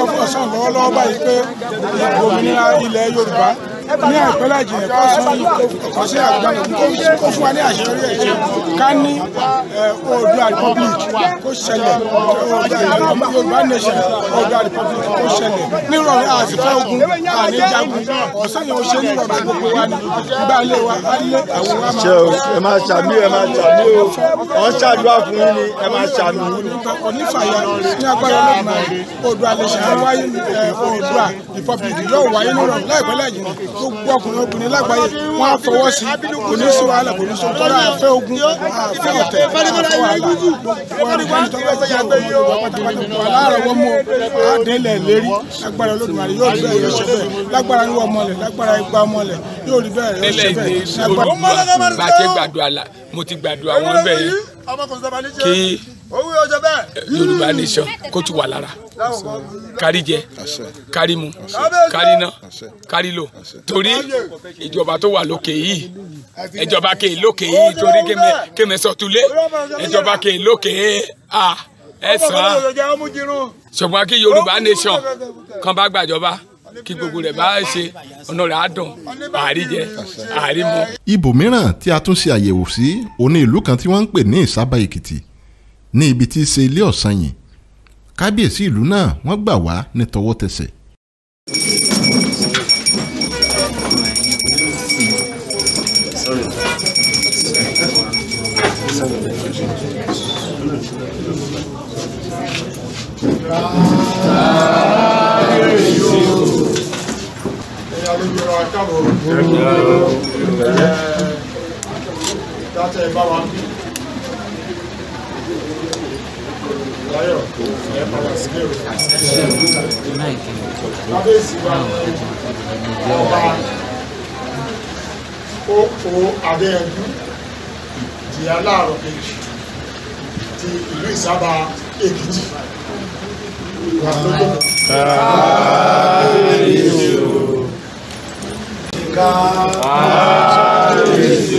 sọ fún ọ̀sán lọ́wọ́lọ́wọ́ báyìí pé òmìnira ilẹ̀ Yorùbá ní àpẹẹrẹ ìjìnlẹ̀ kan sọ ọ̀sẹ̀ àgbàlẹ̀ kó fún wa ní àṣeyọrí ẹ̀jẹ̀ ká ní Oòduà republic kó ṣẹlẹ̀ Yorùbá nation Oòduà republic kó ṣẹlẹ̀ nírọ̀lẹ́ àtìfẹ́ ogun àníjagun ọ̀sẹ̀ yẹn ṣe nírọ̀lẹ́ gbogbo wa ní gbà lé wa á àwọn wa máa. ṣe o ẹ máa ṣàmì ẹ máa ṣàmì o wọn ṣàdúrà fún yín ni ẹ máa ṣàmì. òní fàyà ní agbára lọ́gbọ̀n Oòduà nation wáyé Oòduà republic yóò wáyé nírọ̀lẹ́ láìpẹ́ láì jìnnà gbogbo ọkùnrin obìnrin lágbàáyé wọn á fọwọ́ sí kò ní sí wàhálà kò ní sọ tọ́lá àfẹ́ ogun àfẹ́ ọ̀tẹ̀ àfọwọ́ àlà gbogbo àdìgbà tó bẹ́ẹ̀ sẹ́yà gbé yìí ó pátápátá aláàrọ̀ wọ́n mú àdélẹ̀ lérí lágbára Olódùmarè yóò rí bẹ́ẹ̀ yọ sẹ́fẹ̀ lágbára ìwọ ọmọlẹ̀ lágbára igba ọmọlẹ̀ yóò rí bẹ́ẹ̀ yọ sẹ́fẹ̀ lágbára. bàtẹ́ gbàdúrà la mo ti gbàdúrà wọn bẹ́ẹ̀ kí owó ọjọ́ bẹ́ẹ̀. yorùbá nation kó tún wà lára kárí jẹ kárí mu kárí ná kárí lò torí ìjọba tó wà lókè yìí ìjọba kè lókè yìí torí kémi sọtúlé ìjọba kè lókè a ẹsàn ṣùgbọ́n kí yorùbá nation kan bá gbàjọba kí gbogbo rẹ̀ bá ṣe ọ̀nà rẹ̀ á dùn àárí jẹ àárí mu. ibòmíràn tí a tún ṣe àyẹ̀wò sí òun ni ìlú kan tí wọ́n ń pè ní ìsábà èkìtì ní ibi tí í ṣe ilé ọ̀sán yìí kábíyèsí ìlú náà wọ́n gbà wá ní tọwọ́tẹsẹ̀. Tata láyọ̀ tó ẹ máa wá sílẹ̀ rẹ̀. kábíyèsí oko adéyanjú di aláàrọ̀ kejì ti ìlú ìsábà èkìtì wà lóko. kábíyèsí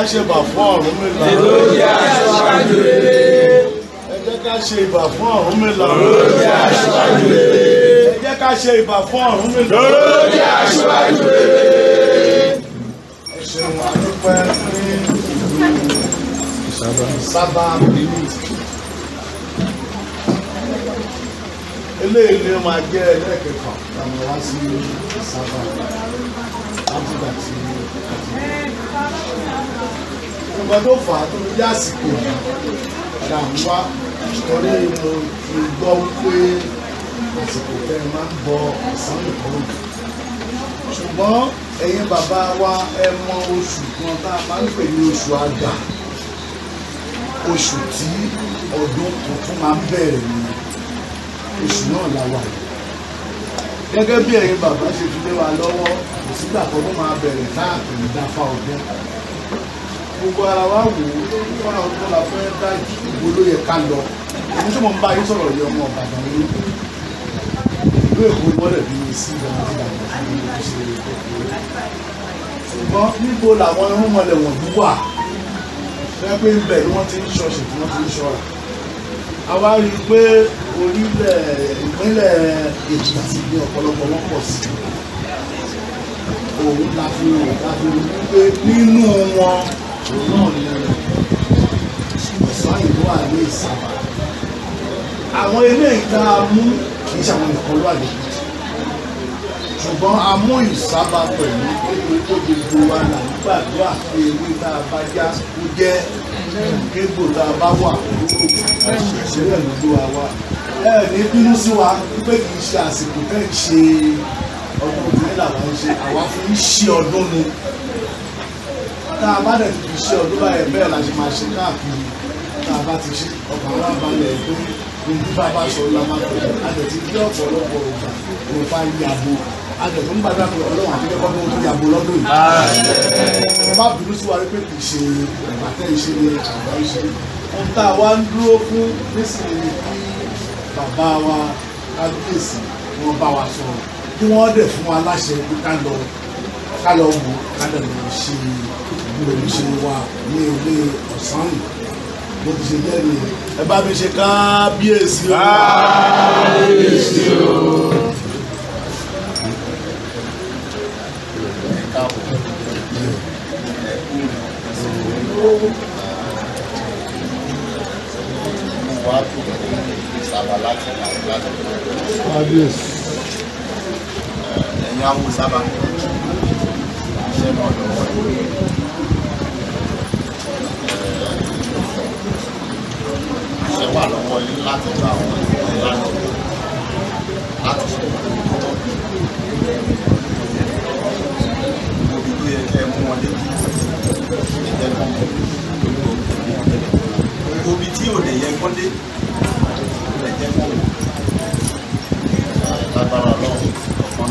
ká ṣe bà fún Ọ̀rúnmìlà. lórí aṣáájú rere. ẹ jẹ́ ká ṣe ìbà fún Ọ̀rúnmìlà. lórí aṣáájú rere. ẹ jẹ́ ká ṣe ìbà fún Ọ̀rúnmìlà. lórí aṣáájú rere. ẹ ṣeun àdúpẹ́ ní ìlú Sábà Benin. eléyìí ni máa jẹ́ ẹlẹ́kẹ̀ẹ́fà táwọn wá sí Sábà láti gbà nǹkan tó fà á tó fi àsìkò là ń wá torí mo fi gbọ́ wípé àsìkò tẹ́ ẹ máa ń bọ ọ̀sán nìkan òkè ṣùgbọ́n ẹ̀yin bàbá wa ẹ mọ oṣù kan tá a máa ń pè ní oṣù àgbà oṣù tí ọdún tuntun máa ń bẹ̀rẹ̀ ni oṣù náà la wà gẹ́gẹ́ bí ẹ̀yin bàbá ṣe fi lé wa lọ́wọ́ kò sígbà kan ló máa bẹ̀rẹ̀ láàbẹ̀rẹ̀ dáfá ọdún gbogbo ara wa wò ó wá ọdún la fẹ́ dá ìgbò ló yẹ ká lọ èmi tí mo ń bá yín sọ̀rọ̀ yẹ ọmọ ọ̀bàdàn ló ìlú èkó gbọ́dọ̀ bí mi sí ìgbà tí àwọn ọmọ mi ṣe ṣùgbọ́n níbo làwọn irúnmọlẹ̀ wọ̀nyí wà fẹ́ pé ń bẹ̀ ni wọ́n ti ń ṣọṣẹ̀ tí wọ́n ti ń ṣọ́ra àwa rí i pé orílẹ̀ ìpínlẹ̀ èkìtì ní ọ̀pọ̀lọpọ̀ wọn pọ̀ sí i òun la fi hàn la fi rí pé nínú wọn òun náà ni ọ̀sán ìlú àlè ìsàbà àwọn ilé ìta mú kì í ṣàwọn nǹkan ló àlè ṣùgbọ́n a mú ìsábà pẹ̀lú pé ó gbogbo wa là ń gbàdúrà pé ewé tá a bá já ó jẹ́ kégbò tá a bá wà lóró ìṣẹ̀lẹ̀ lójú wa wa ẹ ní bínú sí wa pé kì ṣe àsìkò tẹ́ ṣe làwọn ń ṣe àwa fún iṣẹ́ ọdún ni tá a bá dẹ̀ ti fi ṣe ọdún báyẹn bẹ́ẹ̀ la ṣe máa ṣe káàkiri tá a bá ti ṣe ọkàn wa balẹ̀ tó ojú bàbá sọ la máa tẹ̀lé a ti gbé ọ̀pọ̀lọpọ̀ ògbà òǹfà yàgò a tó ń gbàdúrà pé ọlọ́run àti kẹ́kọ̀ọ́ tó ń yàgò lọ́dún yìí ẹ má sí wa rí pé kì í ṣe àtẹ ìṣe ni àgbà ìṣe ohun tá a wá ń dúró fún nísìnyí kí bàbá wa kábíyèsí wọn bá wa sọ̀rọ̀ kí wọ́n dẹ̀ fún wa láṣẹ pé ká lọ ká lọ wò ká lọ lọ ṣe ìgbìmọ̀ ìṣe wa ní ilé ọ̀sán yìí mo ti ṣe jẹ́ ni ẹ bá mi ṣe kábíyèsí o. kábíyèsí o. Kábíyèsí ni àwọn sábà ń tọ́jú iṣẹ́ náà wà lọ́wọ́ yín láti gba àwọn ìwọ̀n ìlànà láti ṣe ìwọ̀n ibi tó yẹ kẹ́ mú wọn dé ẹ̀jẹ̀ kan omi tí ò lè yẹ kọ́lé ẹ̀jẹ̀ kan lágbára lọ́wọ́.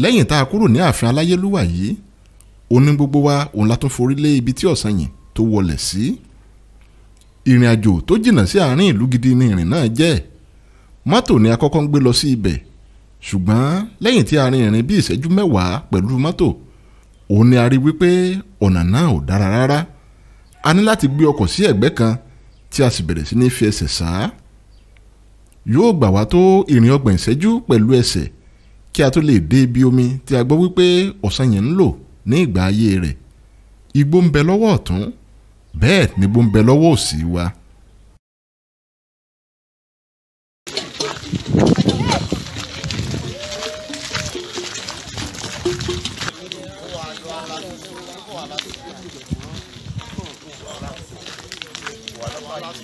lẹ́yìn tá a kúrò ní ààfin aláyélúwà yìí òun ní gbogbo wa òun la tún forí lé ibi tí ọ̀sán yìí tó wọlẹ̀ sí ìrìn àjò tó jìnnà sí àárín ìlú gidi ni ìrìn náà jẹ́ mọ́tò ni a kọ́kọ́ ń gbé lọ sí ibẹ̀ ṣùgbọ́n lẹ́yìn tí a rin ìrìn bí ìṣẹ́jú mẹ́wàá pẹ̀lú mọ́tò òun ni a rí wípé ọ̀nà náà ò dára rárá a ní láti gbé ọkọ̀ sí ẹ̀gbẹ́ kan tí a sì bẹ̀rẹ̀ sí ní fi ẹsẹ̀ sá yóò gbà wá tó ìrìn ọgbọ̀n ìṣẹ́jú pẹ̀lú ẹsẹ̀ kí a tó lè dé ibi omi tí a gbọ́ wípé ọ̀sán yẹn ń lò ní ìgbà ayé rẹ̀ igbó ń bẹ lọ́wọ́ ọ̀tún bẹ́ẹ̀ ni igbó ń bẹ lọ́wọ́ òsì wa.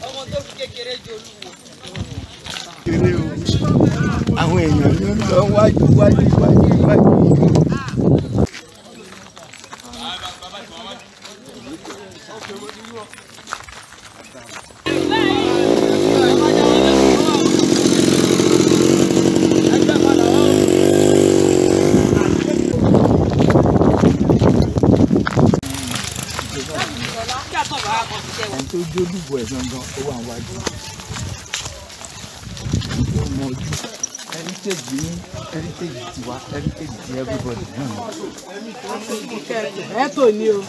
ọmọ tó fi kékeré jolú wọ. àwọn èèyàn ló ń lọ wájú wájú wájú wájú. ẹni tó jólúbọ ẹ̀ gangan ó wà wájú. heritage yín heritage tiwa heritage ti everybody náà ni. ẹ tò é. obìnrin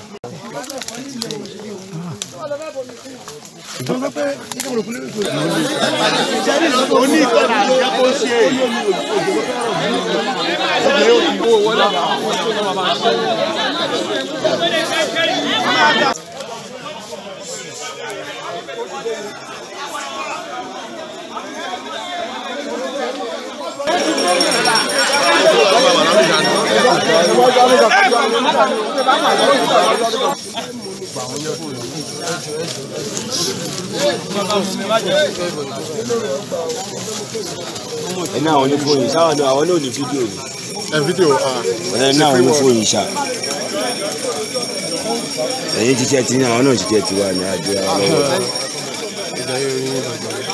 ẹ̀nà àwọn onífóyìn sáwọn náà àwọn náà ní fídíò ni. ẹ fídíò ah. ẹ̀nà àwọn onífóyìn sá. ẹ̀yin jíjẹ́ tí ní àwọn náà jíjẹ́ tiwa ní àjọ àwọn ọlọ́wọ́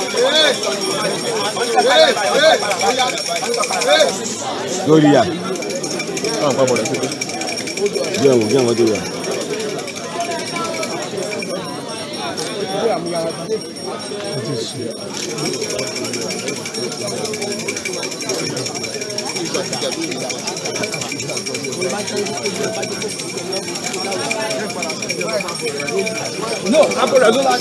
lórí yà káwọn pa bọ̀dọ̀ tó tó bí àwọn bí àwọn tó yà. Thank you. No, I'm going to do that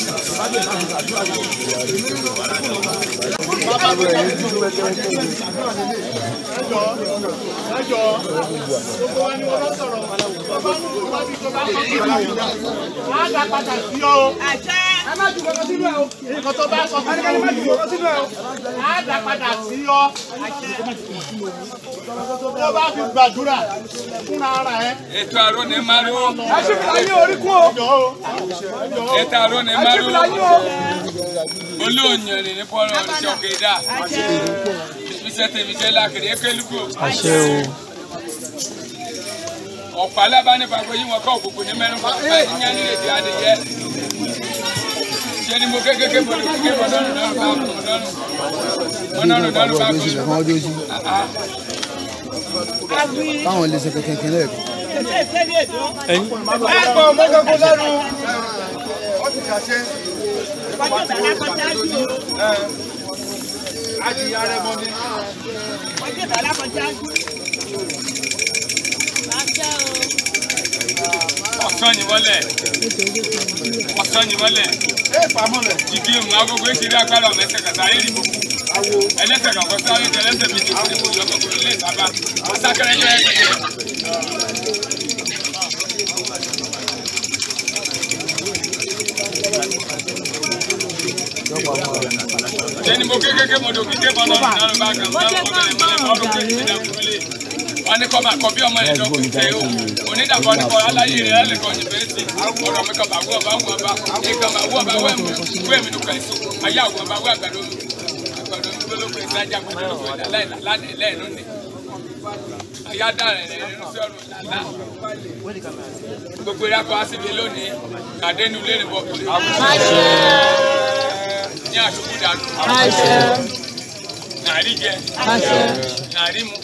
á dá padà sí ọ tó bá fi gbàdúrà fúnra ara ẹ. ètò àrò ní mariwo. ẹ ṣì fi láyé orí kú o. ètò àrò ní mariwo. olóòyìn ni ní bọ́ọ̀lù ọ̀ṣọ́ kéda. iṣẹ́ tèmi jẹ́ lákèrè ékélúkò. àṣẹ o ọ̀pá alábánibàgbé yìí wọn kọ́ òkùnkùn ní mẹ́rin fún ọ̀pá ìyẹn ní èdè adìyẹ sẹ́ni lè ṣe kẹ̀kẹ́ lẹ́ẹ̀kan. ẹ gbọ́ mọ́tòkó wọlé. Ọ̀sán ni wọlé pamọ́ rẹ̀. jìgì ìrùn agogo ìṣeré agbára ọ̀nà ẹsẹ̀ kàtà ayé ìdìbò kù. awo ẹlẹ́sẹ̀ kàkọ́ sáré tẹ ẹlẹ́sẹ̀ méje kó lè kojú ọkọ̀ kúrò lẹ́yìn bàbá ọ̀sákẹ́rẹ́ yọ ẹgbẹ́ yẹn. jẹ́ni mo kékeré mo dòkí dé bọ́lá ọ̀nà náà ló bá kàn fún ọkọ̀ ẹ̀mọ́lẹ̀ mọ́ ọdún kékeré náà kúrò lẹ́yìn wọn ní kọ́ máa kọ́ bí ọmọ ẹ̀dọ́ kò tẹ o onídàbọ̀ ní kọ́ aláyé rẹ̀ lè kọ́ ní bẹ́ẹ̀sì ọ̀rọ̀ mi kọ́ bá wú ọba wú ọba ìgbà máa wú ọba wẹ́ẹ̀mù wẹ́ẹ̀mù ní kọ́ ayé àwọn ọba wú àgbàdo mi àgbàdo mi gbólógbó ìsájà gbólógbó ìdálẹ́ ìlẹ́ ìlú ni ayáda rẹ̀ rẹ̀ nínú sí ọ̀run ìlànà gbogbo ìrakọ̀ àsìbí lónìí kàdénú lérè bọ̀ ní àṣùkú dànù nàrí jẹ nàrí mu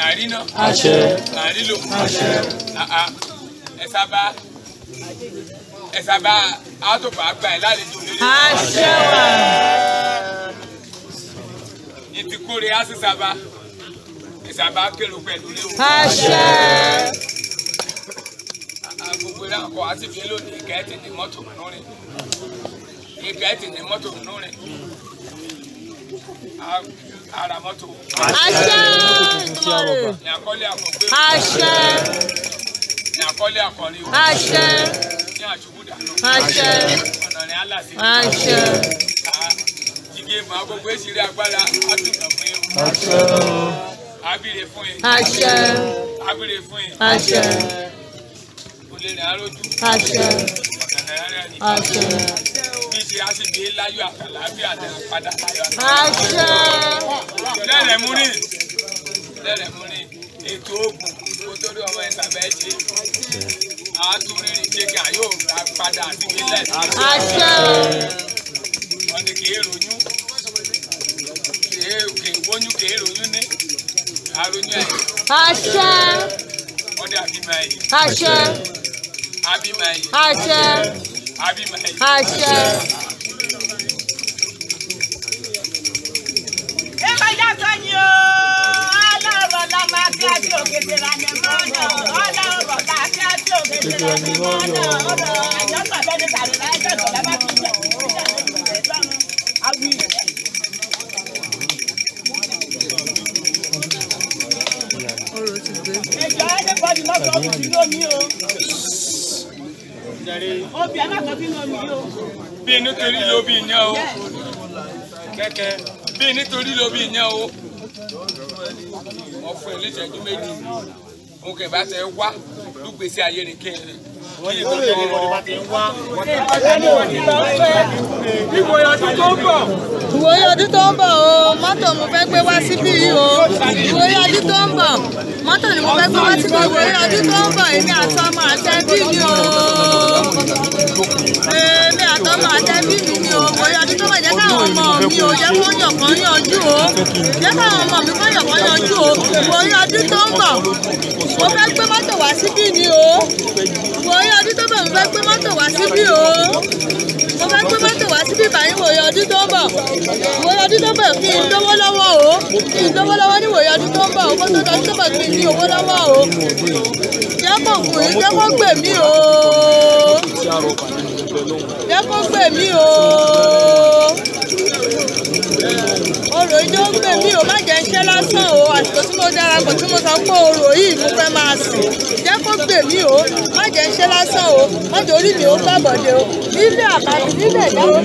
nàírínà àṣẹ nàírínlò àṣẹ àà ah, ah. ẹ̀sàbà ẹ̀sàbà àtòpà àgbà ẹ̀ lálejò lórí. àṣẹ wà. ìtìkórè àṣìṣàbà ẹ̀sàbà kérò pẹ̀lú léwu. àṣẹ. Ah, gbogbo náà kọ àti fi lónìí ìkẹ́ẹ̀tì ní mọ́tò nínú rẹ̀ ìkẹ́ẹ̀tì ní mọ́tò nínú rẹ̀ ara mọ́tò. àṣẹ ìtumọ̀rẹ̀. ní àkọ́lé àkọ́gbé. àṣẹ. ní àkọ́lé àkọ́rin. àṣẹ. ní àjùbùdà. àṣẹ. ọ̀nà rẹ̀ aláṣẹ. àṣẹ. jíge màá gbogbo èsìrè agbára àtúntò fún yín. àṣẹ. abire fún yín. àṣẹ. abire fún yín. àṣẹ. olè rẹ̀ arójú. àṣẹ. ọ̀nà rẹ̀ aráàlú. àṣẹ bí ṣe á sì gbé láyọ̀ àtàlàáfíà lẹ padà láyọ̀ àtàlàáfíà. lẹ́rẹ̀ mú rí lẹ́rẹ̀ mú rí ètò oògùn kó tó rí ọmọ ẹ̀ta bẹ́ẹ̀ ṣe. àtúrí ìṣègà yóò gbà padà síbi lẹ́sìn. wọ́n ní kì í ronyún kì í wóyún kì í ronyún ní àronyún ẹ̀. àṣẹ. wọ́n dé àbí máa yìí. àṣẹ. àbí àṣẹ. ọ̀rọ̀ ti gbé. ẹ̀jọ̀ ẹ̀dẹ́gbọ́dì lọ́sọ̀ọ́ kò sí lómi o obì alákọ̀ọ́ bí lómi yóò. bí nítorí lóbi yẹn o kẹ̀kẹ́ bí nítorí lóbi yẹn o ọfọ ẹ lẹsẹjú méjì mo kẹ bá tẹ wá lùgbèsè ayé ni kí n rìn wọ́n lè tọ́jú ẹni wọ́n bá ti ń wá. ìwòye ọdún tó ń bọ̀. ìwòye ọdún tó ń bọ̀ o mọ́tò mo fẹ́ gbé wá síbí yìí o ìwòye ọdún tó ń bọ̀ mọ́tò ni mo fẹ́ gbé wá tí mo ọdún tó ń bọ̀ èmi àtọmọ àtẹbí mi o èmi àtọmọ àtẹbí mi ni o mo yọ ọdún tó bọ̀ jẹ́ káwọn ọmọ mi ò yẹ kó yàn kán o jẹ́ káwọn ọmọ mi kó yàn kán o mo yọ ọdún tó ń bọ̀ mo fẹ́ gbé mọ́tò wá síbí ni o mo yọ ọdún tó bọ̀ mo fẹ́ gbé mọ́tò wá síbí o mo fẹ́ gbé mọ́tò wá síbí báyìí mo yọ ọdún tó ń bọ̀ mo yọ ọdún tó ń bọ̀ kí n lówó lọ́wọ́ o kí n lówó lọ́wọ́ níwòye ọdún tó ń bọ̀ owó tó dá sí bàtí ní owó lọ́wọ́ o jẹ́ kó kù yìí jẹ́ kó gbè mí o jẹ́ kó gbè mí o ọ̀rọ̀ ijó ń gbè mí o má jẹ́ iṣẹ́ lásán o àsìkò tí mo darapọ̀ tí mo sọ pé ọ̀rọ̀ yìí mo fẹ́ máa sìn jẹ́ kó gbè mí o má jẹ́ iṣẹ́ lásán o má jẹ́ orí mi ó gbàgbọ́dẹ o nílé àbáyé nílé ìdáwó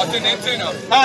ọtí ní tìǹà.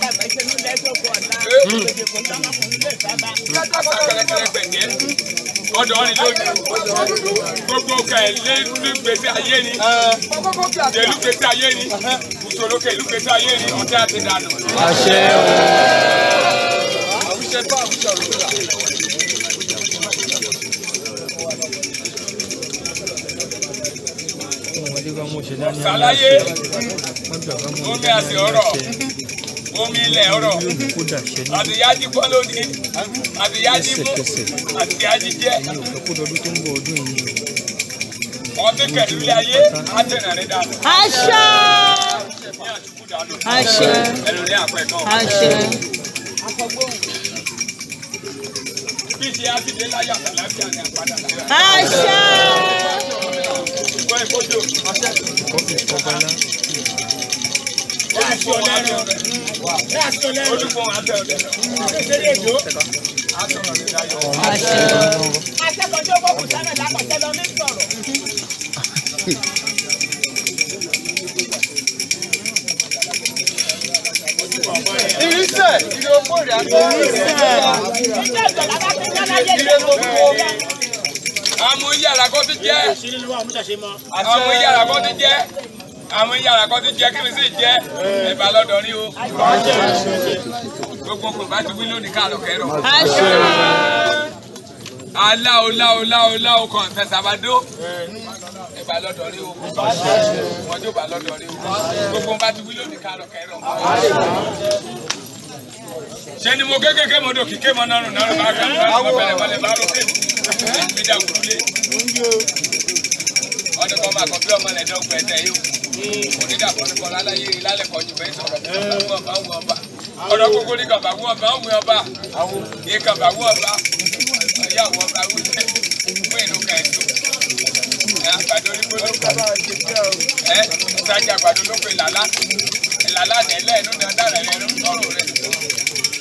bàbá ìṣẹ́nu lẹ́sọ̀kọ̀ ọ̀la òṣèlú kò sábà kò ayé ni lùgbèsè ayé ni ìṣòlókè ayé ni ọtí àti dànù. àṣẹ o. àwùjẹ bá àwùjẹ ọ̀rọ̀ tó rà. Sàlàyé omi àti ọ̀rọ̀ omi ilẹ̀ ọ̀rọ̀ àtìyájí kọ́ lónìí àtìyájí mú àtìyájí jẹ́. wọ́n ti kẹ̀lú ilé ayé á tẹ̀nà rí dànù. àṣẹ. àṣẹ. ẹnu láti ọlẹ́rìn láti ọlẹ́rìn olùkọ́ abẹ́ ọlẹ́rìn kékeré èdò. akẹ́kọ̀ọ́jọ́ bọ́ọ̀bù sábẹ̀ lápọ̀tẹ́ lọ ní sọ̀rọ̀. Irisẹ̀ ìrè oko ìrè àti ìrè ìrè ìrè gbogbo àmúyàrá kọ́ ti jẹ́ àmúyàrá kọ́ ti jẹ́ àwọn yàrá kan ti jẹ kí mi sì jẹ ẹ̀bà lọ́dọ̀ rí o. gbogbo kò bá ti wí lónìí káàlọ́ kẹrọ. aláwo láwo láwo láwo kan fẹsàbàdó ẹ̀bà lọ́dọ̀ rí o. wọ́n jó bà lọ́dọ̀ rí o. gbogbo bá ti wí lónìí káàlọ́ kẹrọ. ṣé ni mo kékeré mo dò kíké mo nọrùn nọrùn bá kàn bá bẹ̀rẹ̀ wọlé bá rò pé mi dàgbò lé ọdún kan máa kọ bí ọmọ rẹ̀ dọ́gbọ̀n ẹ̀tẹ̀ yìí kò ní dàpọ̀ nípa láláyé lálẹ́kọ̀ọ́ jù bẹ́ẹ̀ sọ̀rọ̀ ọ̀rọ̀ gbogbo ní kàbá wú ọba òwe ọba ní kàbá wú ọba ìyàwó ọba wíjẹ fún ìlú kẹẹ̀dọ́ àgbàdo onígbò ẹ ìtajà àgbàdo ló pe làlá làlá nẹ́lẹ́ ẹ̀nu dáadáa rẹ̀ ẹ̀nu tọ́rọ̀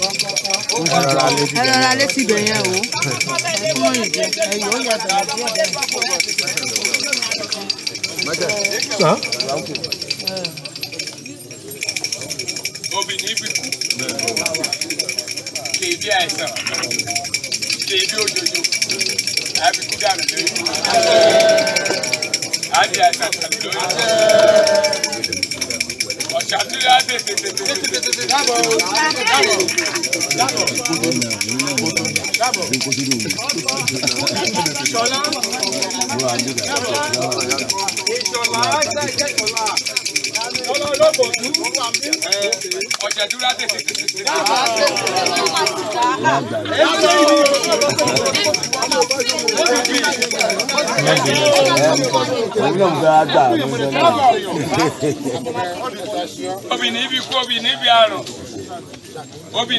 ẹ rọra létí ibẹ̀ yẹn o ẹ kúmọ̀ yìí jẹ ẹ yọ ọ́ yàtọ̀ obìnrin bí kú kèébí àìsàn kèébí òjòjò àbíkú dànù lórí àbí àìsàn tàbí lórí kàdúrà tètè tètè tètè dábọ̀ dábọ̀ dábọ̀ dábọ̀ ìṣọ̀lá dábọ̀ ìṣọ̀lá ṣẹ̀ṣẹ̀ ìṣọ̀lá ọ̀jẹ̀dúrà tètè tètè dábọ̀ tètè dábọ̀ obì níbi ikú obì níbi àrùn obì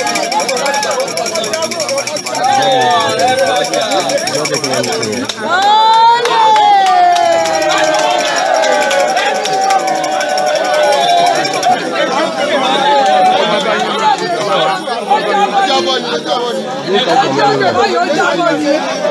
Oh, you're a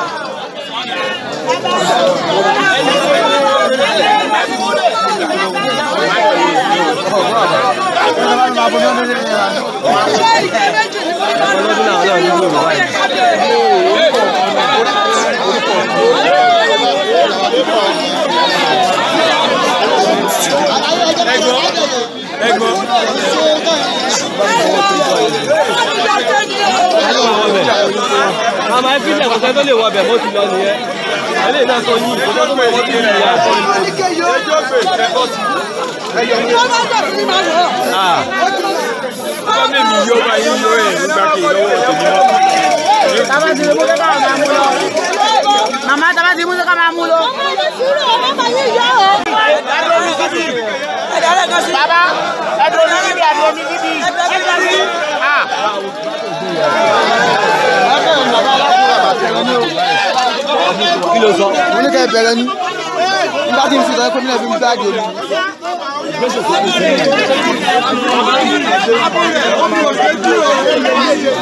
ẹ̀gbọ́n ẹ̀gbọ́n àmà ìfilẹ̀ kò sẹ́ni tó lè wọ ọbẹ̀ ti lọ nìyẹn ẹlẹ́yìn náà tó yí ìfowópamọ́ tó mọ̀ wọ́n ti rìn ìyá. ẹjọ́ pé ẹ̀kọ́ sí i. ìjọba ọjọ́ ìrìn máa lọ. ọmọ mi yóò máa yí yóò ẹ̀ nígbà kí ìlọ́wọ́ tèmi mọ́. bàbá ti mú sọ́kà máa mú lọ. màmá bàbá ti mú sọ́kà máa mú lọ. bàbá ẹ̀dùn mi níbi ẹ̀dùn mi níbi ẹ̀dùn mi níbi. kí ló sọ. mo ni nígbà tí n sùn sọ́yẹ́ pé mi fi ń báàgì omi.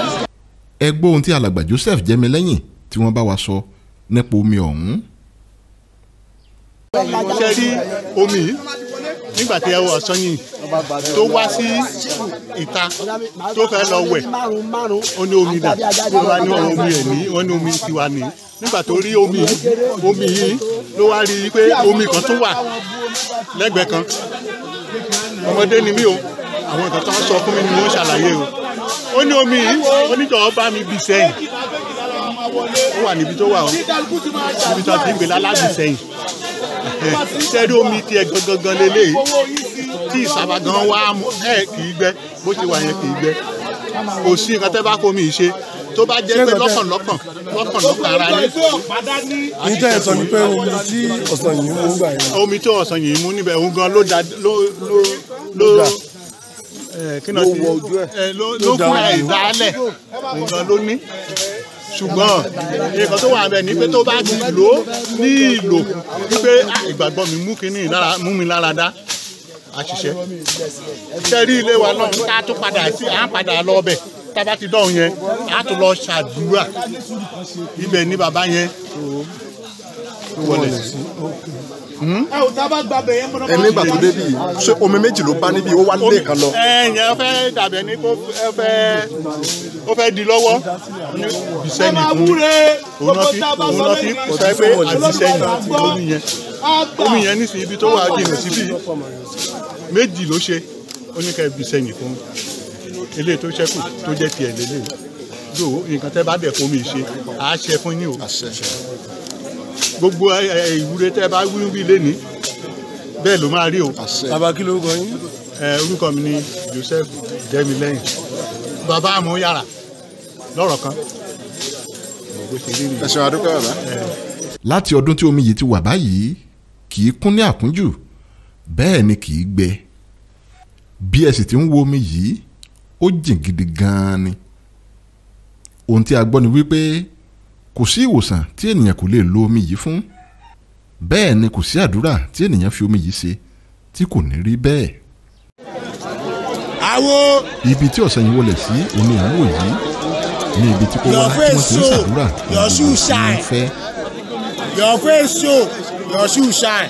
ẹ gbọ́ ohun tí alàgbà Joseph Jẹ́milẹ́yìn tí wọ́n bá wa sọ nípa omi ọ̀hún. ṣe rí omi nígbà tí ẹ wọ ọ̀sán tó wá sí ìta tó fẹ́ lọ wẹ̀ ó ní omi dà ló wá ní omi ẹ̀ ní ó ní omi tiwa ní nígbà tó rí omi omi yìí ló wá rí i pé omi kan tún wà lẹ́gbẹ̀ẹ́ kan ọmọdé ni mí o àwọn nǹkan tó ń sọ fún mi ni mo ń ṣàlàyé o ó ní omi yìí oníjọba bá mi bì sẹ́yìn ó wà níbi tó wà ó níbi tó ti ń gbé lálàbì sẹ́yìn ṣẹ́rí omi tiẹ̀ gangan lélẹ́yìí tí ìsàbà gan wá ẹ kì í gbẹ bó ṣe wà yẹn kì í gbẹ kò sí nǹkan tẹ́ bá kó mi ṣe tó bá jẹ́ pé lọ́kàn lọ́kàn lọ́kàn lọ́kàn ara yín. ní tẹ́ ẹ sọ ni pé omi tí ọ̀sán yìí mú gbà yẹn. omi tí ọ̀sán yìí mú níbẹ̀ òun gan ló da ló ló ló kí náà ti ló kún ẹ̀ dálẹ̀ òun gan ló ní ṣùgbọ́n nǹkan tó wà bẹ́ẹ̀ ni pé tó bá ti lò ó ní ìlò wípé ah, ìgbàgbọ́ mi mú kínní mú mi lára dá à ń ṣiṣẹ́ tẹ́rí ilé wa náà tá a tún padà sí à ń padà lọ ọbẹ̀ tá a bá ti dọ̀hún yẹn a tún lọ ṣàdúrà ibẹ̀ ni bàbá yẹn tó wọlé sí hmm? ẹ̀mí gbà tó débi yìí ṣé omi méjì ló bá níbi ó wá lé kan lọ. ẹ̀yìn ẹ fẹ́ dàbẹ̀ ní kó ẹ fẹ́ ó fẹ́ di lọ́wọ́ ìṣẹ́yìn òun náà fi òun náà fi kò sáré pé àti ìṣẹ́yìn omi yẹn omi yẹn nísìnyí ibi tó wà jìnnà síbí méjì ló ṣe ó ní kẹ́ẹ̀ fi sẹ́yìn fún eléyìí tó ṣẹ́kù tó jẹ́ tiẹ̀ lélẹ̀ lò nǹkan tẹ́ bá dẹ̀ fún mi ṣe á ṣe fún yín o gbogbo ìwúre tẹ́ bá wí bí lẹ́ni bẹ́ẹ̀ ló máa rí o. bàbá kí ló kọ yín. orúkọ mi ni Joseph Jẹ́milẹ́yìn bàbá àmọ́ yàrá lọ́rọ̀ kan ẹ̀sùn àdúgbò bàbá. láti ọdún tí omi yìí ti wà báyìí kì í kún ní àkúnjù bẹ́ẹ̀ ni kì í gbẹ bí ẹ sì ti ń wo omi yìí ó jìn gidi gan-an ni ohun tí a gbọ́ ni wípé kò sí ìwòsàn tí ènìyàn kò lè lo omi yìí fún bẹ́ẹ̀ ni kò sí àdúrà tí ènìyàn fi omi yìí ṣe tí kò ní rí bẹ́ẹ̀. àwo. ibi tí ọ̀sẹ̀ yìí wọlé sí omi à yìí ní ibi tí kò wá tí wọ́n ti ń oh, ṣàdúrà òun ló ń fẹ́. your face show oh, your shoe shine.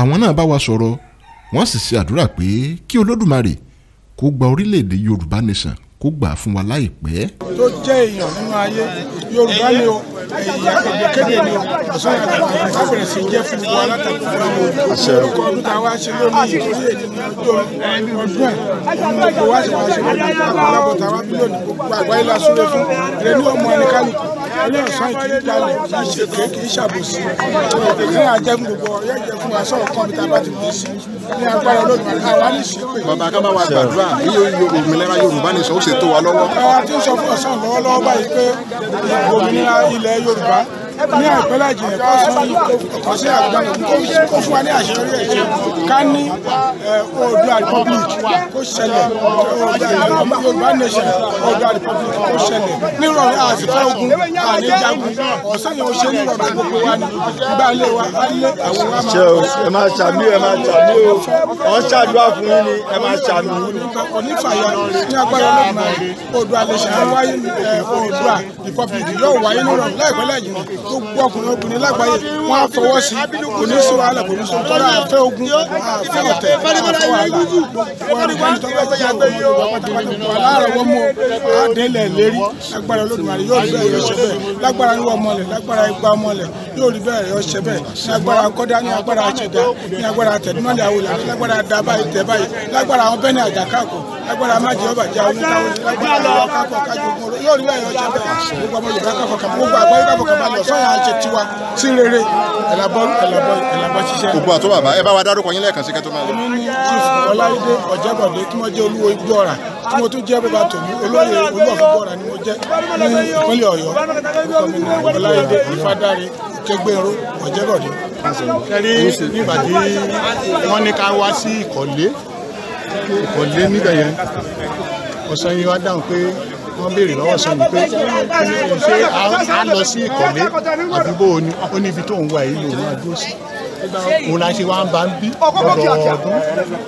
àwọn náà bá wa sọ̀rọ̀ wọ́n sì ṣe àdúrà pé kí olódùmarè kó gba orílẹ̀-èdè yorùbá nation kó gbà fún wa láìpẹ́. tó jẹ́ èèyàn nínú ayé yorùbá ni o ìkéde a wá ṣe lónìí ọdún ọdún ẹ̀ kò wá ṣe wá ṣe lónìí àpòlábọ̀ tá a wá bílíọ̀nù gbogbo àgbáyé la súré fún rẹ ní ọmọ ẹni kálukú ilé ọ̀sán ìtújú dalẹ̀ kì í ṣe pé kì í ṣàbòsí ètò náà jẹ́ fún gbogbo ọ̀yẹ́ jẹ́ fún wa sọ̀rọ̀ kan tá a bàbá ká gbàdúrà bí òmìnira Yorùbá nìṣó ṣètò wa lọ́wọ́. àwọn tí sọ fún ọ̀sán lọ́wọ́lọ́wọ́ báyìí pé òmìnira ilẹ̀ you the Yorùbá. ní àpẹẹrẹ àjẹyẹ kọ́ sí ọ̀sẹ̀ àgbáyé kó fún wa ní àṣeyọrí ẹ̀jẹ̀ ká ní Oòduà republic kó ṣẹlẹ̀ Yorùbá nation Oòduà republic kó ṣẹlẹ̀ nírọ̀rẹ́ àṣìfẹ́ ogun àníjagun ọ̀sán yẹn ó ṣe nírọ̀rẹ́ gbogbo wa ní gbà lé wa á àwọn wa máa. ṣe o ẹ máa ṣàmì ẹ máa ṣàmì o wọn ṣàdúrà fún yín ni ẹ máa ṣàmì. onífàyà ní agbára ọlọ́run Oòduà lè ṣàwáyé Oòduà republic yóò wáyé nírọ̀rẹ́ láìpẹ́ láì jìnnà gbogbo ọkùnrin obìnrin lágbàáyé wọn á fọwọ́ sí kò ní sọ wàhálà kò ní sọ tọ́lá àfẹ́ ogun àfẹ́ ọ̀tẹ̀ àfẹ́ wàhálà wọn ní wọn tọ́lá sí àwọn ọmọ Yorùbá pátápátá wọn aláàrọ̀ wọn mú àdélẹ̀ lérí lágbára Olódùmarè yóò rí bẹ́ẹ̀ yọ ṣẹ bẹ́ẹ̀ lágbára yíwọ mọlẹ̀ lágbára igba mọlẹ̀ yóò rí bẹ́ẹ̀ yọ ṣẹ bẹ́ẹ̀ ní agbára kọ́dá ní agbára àṣẹdá ní agbára tẹ̀dúmọ́lẹ̀ àwòlà lágbára dábàá ìtẹ̀báyì lágbára àwọn bẹ́ẹ̀ ní àjàkáàkọ̀ agbára má jẹ́ ọba jẹ́ oníkàwé lágbára kákọ̀ kájogún olóyè yóò rí ẹ̀yọ́ jẹ́ bẹ́ẹ̀ gbogbo ọmọ Yorùbá káfọ̀ kàmú gbogbo àgbáyé káfọ̀ kàmú àlọ́ sọ́yà àti tiwa sí rere ẹ̀làbọ́ ẹ̀làbọ́ ẹ̀làbọ́ ṣiṣẹ́. ògbó àtọ́ bàbá ẹ bá wa dárúkọ yín lẹ́ẹ̀kan sí kẹ́tọ́ máa lọ. èmi ni Chief Ọláìdé Ọ̀jẹ́bọ̀dé tí wọ́n jẹ́ olúwo igbó ọ̀rà tí mo tún jẹ́ bàbá tòmí olóyè olúwàfíìgbó ọ̀rà ni mo jẹ́ ní ìpínlẹ̀ ká wá sí Ìkọ̀lé kò lé níbẹ̀ yẹn Ọ̀sanyìn wá dáhùn pé wọ́n béèrè lọ́wọ́ Ọ̀sanyìn pé ṣé a lọ sí ìkọ̀lé àdúgbò ni ó ní ibi tó ń wà yìí lòun àdúró sí òun la ṣe wá ń bá ń bí lọ́dọọdún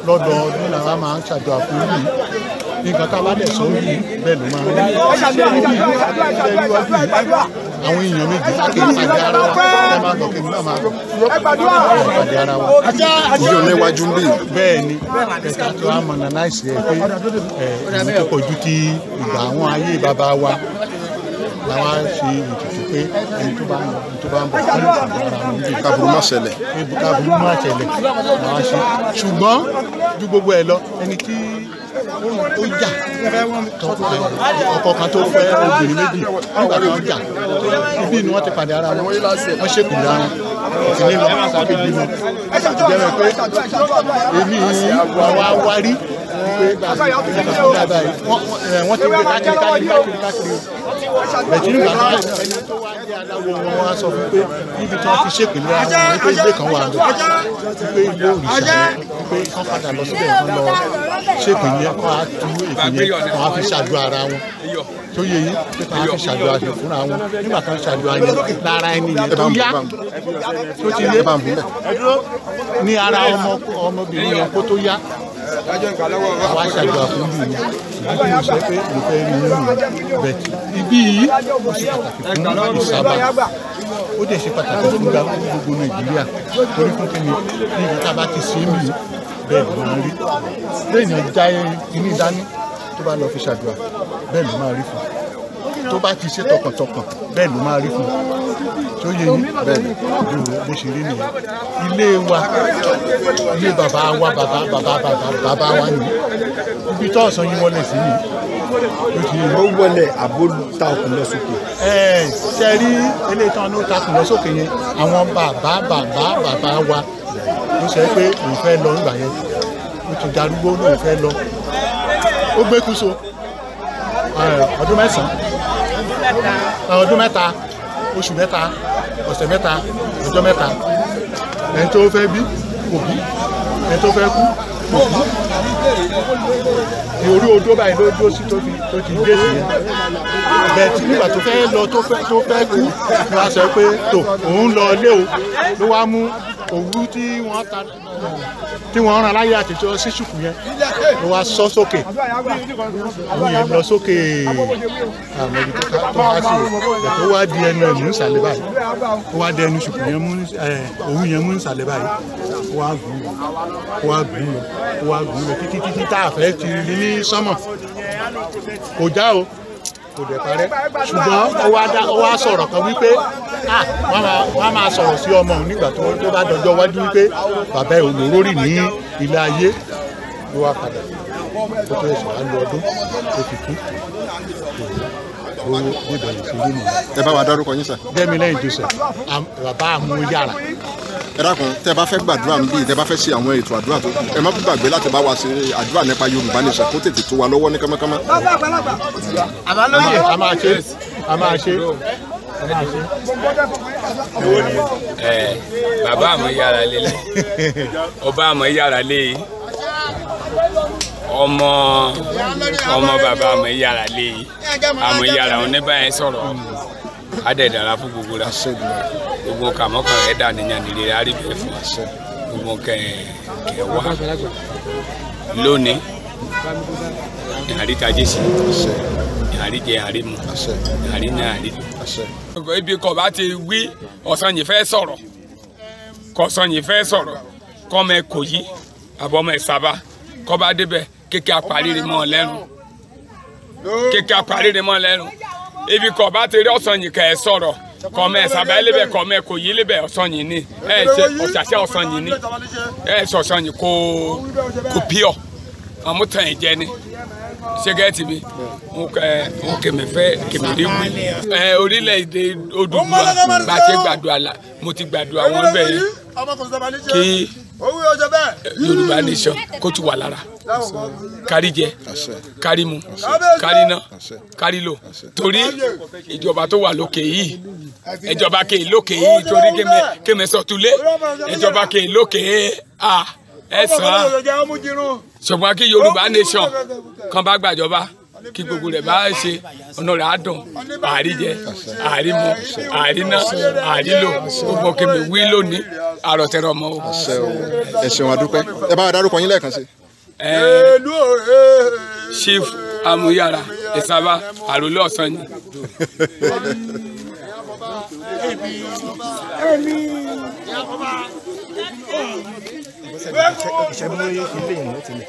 lọ́dọọdún làwa máa ń ṣàdó àfúrú yìí nǹkan tá a bá dẹ̀ sọ yìí bẹ́ẹ̀ ló máa ń rí àwọn èèyàn méjì kéèyàn pàdé ara wa ẹ máa tọkẹ nígbà máa pàdé ara wa ìjọ lẹ́wájú ń bì. bẹ́ẹ̀ni kẹta tó a mọ nana ìṣe ẹ pé ẹ ìlú pọ̀jù ti ìgbà àwọn ayé bàbá wa làwọn á ṣe ìtùtù pé ẹni tó bá ń bọ̀ tó bá ń bọ̀ fún ìgbàlódé méjì. káburú má ṣẹlẹ̀. káburú má ṣẹlẹ̀ làwọn á ṣe ṣùgbọ́n ju gbogbo ẹ lọ ẹni tí tó jà ọkọ kan tó fẹ́ obìnrin méjì nígbà tó jà ibi ni wọ́n ti pàdé ara wọn wọ́n ṣèkùnrin ara wọn sì ní lọ wọ́n fi bímọ ìjẹ́rẹ̀ pé èmi àwa wá rí pé gbàgbé wọ́n ti wé káàkiri káàkiri káàkiri bẹ̀tùnú ìgbà náà ẹni tó wá jẹ́ aláwọ̀ wọn wá sọ fún pé níbi tí wọ́n ti ṣèpè lóra wọn wípé ilé kan wà lọ wípé ilé òrìṣà wípé kán padà lọ síbẹ̀ kán lọ ṣèpè yẹn kán á tú èpè yẹn kán á fi ṣàdúrà ara wọn tó yẹ yín pé kán á fi ṣàdúrà ṣe fúnra wọn nígbà kan ṣàdúrà yẹn lára ẹni yẹn tó yá tó ti yé ní ara ọmọbìnrin yẹn kó tó yá wá ṣàgbà fún mi ìgbàgbọ́ pé mo fẹ́ rí inú rẹ̀ ibi yìí ó ṣe pàtàkì fún olùsábà ó dẹ̀ ṣe pàtàkì fún gbogbo nàìjíríà torí fún kí ni níbi tá a bá ti ṣe é bẹ́ẹ̀ ló máa rí lẹ́yìn ọjà kìíní dání tó bá lọ fi ṣàdúrà bẹ́ẹ̀ ló máa rí fún un tó bá ti ṣe tọkàntọkàn bẹ́ẹ̀ ló máa rí fún tó yẹ yín bẹ́ẹ̀ ni ojú bó ṣe rí nìyẹn ilé wa ilé bàbá wa bàbá bàbá bàbá wa nìyí ibi tó ọ̀sán yín wọlé sí nìyí ló ti yẹ. ó wọlé àbó ta òkun lọ sókè. ẹ ṣe rí eléyìí tán ló ta òkun lọ sókè yẹn àwọn bàbá bàbá bàbá wa ló sọ pé òun fẹ́ lọ nígbà yẹn ó ti darúgbó lóun fẹ́ lọ ó gbé kúso ọdún mẹ́sàn-án ọdún mẹ́ta oṣù mẹ́ta ọ̀sẹ̀ mẹ́ta ọjọ́ mẹ́ta ẹni tó fẹ́ bí kò bí ẹni tó fẹ́ kú kò bí ní orí odó báyìí ló dúró sí tó fi tó ti gbé sí bẹ́ẹ̀tì nígbà tó fẹ́ lọ tó fẹ́ tó fẹ́ kú ni wọ́n sọ pé tó òun lọ ilé o ló wá mú òwú tí wọ́n ta tí wọ́n rán aláyé àtijọ́ sí ṣùkú yẹn ló wá sọ sókè àwọn yẹn lọ sókè àmọ́ ibi tó ká tó wá sí ẹ̀ tó wá di ẹnu ẹ̀mú ìsàlẹ̀ báyìí ó wá di ẹnu ṣùkú yẹn mú òwú yẹn mú ìsàlẹ̀ báyìí ó wá gùn ó wá gùn ó wá gùn lọ títí títí tá a fẹ́ ti rí ní sánmọ̀ kò já o kò dẹ̀ parẹ́ ṣùgbọ́n ó wá sọ̀rọ̀ kan wípé wọ́n á máa sọ̀rọ̀ sí ọmọ òun nígbà tó bá dọjọ́ wájú wípé bàbá ẹ̀ olóró rì ní ilé ayé ló wá padà ó tó ẹ̀sùn á lọ ọdún ó fi kú ó dìbò ìṣúlẹ̀ nìyẹn. ẹ bá wa dárúkọ yín sà. Jẹ́milẹ́yìn Joseph bàbá àmúyàrá ẹ dákun tẹ bá fẹ́ gbàdúrà níbí tẹ bá fẹ́ ṣe àwọn ètò àdúrà tó ẹ má gbàgbé láti bá wa ṣe àdúrà nípa Yorùbá nìṣẹ kó tètè tó wa lọ́wọ́ ní kánmọ́kánmọ́. àbálòyè a máa ṣe a máa ṣe bàbá àmọ́ yára lé ọba àmọ́ yára lé ọmọ ọmọ bàbá àmọ́ yára lé àmọ́ yára òun ní báyẹn sọ̀rọ̀ adẹ̀dára fún gbogbo la gbogbo kàmọ́kàn ẹ̀dá nìyàn nìyẹn arígbẹ̀fọ́ gbogbo kẹ̀ kẹ̀ wá lónìí àrítajé sí àríjẹ àrímu àríná àrílò. ibi kò bá ti wí ọ̀sán yìí fẹ́ sọ̀rọ̀ kọ̀sán yìí fẹ́ sọ̀rọ̀ kọ́mọ ẹ kò yí àbọ̀mọ ẹ sábà kọ́ba débẹ̀ kékeré àparí rẹ̀ mọ́ ọ lẹ́nu kékeré àparí rẹ̀ mọ́ ọ lẹ́nu ibi kò bá ti rí ọ̀sán yìí kẹ́ ẹ sọ̀rọ̀ kọmẹ saba ele bẹ kọmẹ ko yele bẹ ọsọnyini ẹ ṣe ọsàṣẹ ọsọnyini ẹ ṣe ọsọnyi ko ko pure àmú tàn yìí jẹ ni ṣẹgẹtì mi mo kẹmẹ fẹ kẹmẹ rí wí ẹ orílẹ̀-èdè Odùduwà gbàtẹ́ gbàdúrà la mo ti gbàdúrà wọn bẹ́ẹ̀ kí Yorùbá nation kó tún wà lára kárí jẹ kárí mu kárí ná kárí lò torí ìjọba tó wà lókè yìí ìjọba kè lókè yìí torí kémẹ sọtúlé ìjọba kè lókè a ẹ san ṣùgbọ́n kí yorùbá nation kan bá gbàjọba kí gbogbo rẹ̀ bá ṣe ọ̀nà rẹ̀ á dùn àárí jẹ àárí mu àárí ná àárí lò gbogbo kébè wí lónìí àròtẹ̀rọ̀ mọ́ o. ẹ ṣeun àdúpẹ́ ẹ bá wa yín lẹ́ẹ̀kan sí. chief amuyara ìsábà àròlé ọ̀sán yìí. Amen. Mesela geçen, geçen burayı kirli yine.